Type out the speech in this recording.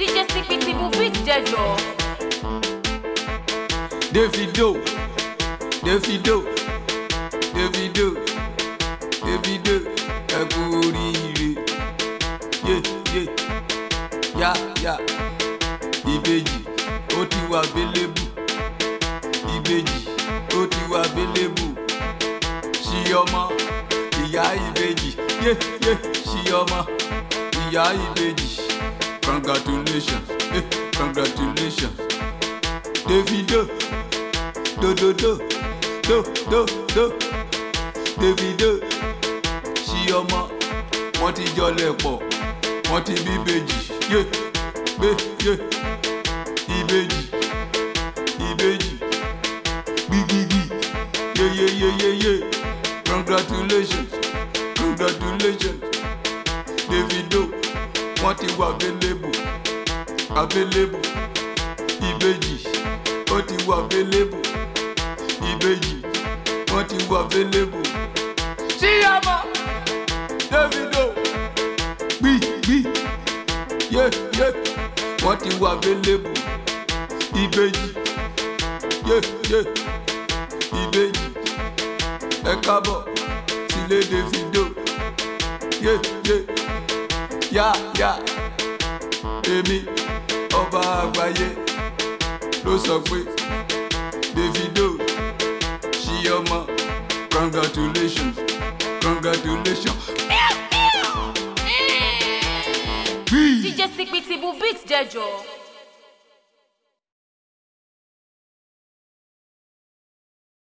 DJ CPT de beat de Davido de Davido Davido ẹ kú oríire yeah, yeah, ya ya ìbejì ó ti wà bélébù ìbejì ó ti wà bélébù ṣí ọmọ ìyá ìbejì ye ye ṣí ọmọ ìyá ìbejì congratulations eh, congratulations Davido do do do do do do Davido ṣí ọmọ wọ́n ti jọlẹ̀ pọ̀ wọ́n ti bí ìbejì yé gbé yé ìbejì ìbejì gbigigi yeyeyeyeye congratulations congratulations wọ́n ti wà available available ìbejì ó ti wà available ìbejì wọ́n ti wà available. ṣíyàmá Davido gbi gbi yé yé wọ́n ti wà available ìbejì yé yé ìbejì ẹ káàbọ̀ sílé Davido yé yé yá yá èmi ọba àgbáyé ló sọ pé Davido ṣí ọmọ congratulations congratulations. DJ Sikpitibu beat jẹjọ.